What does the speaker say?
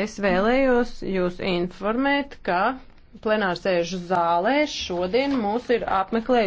Es vēlējos jūs informēt, ka plenārsēžu zālē šodien mūs ir apmeklējis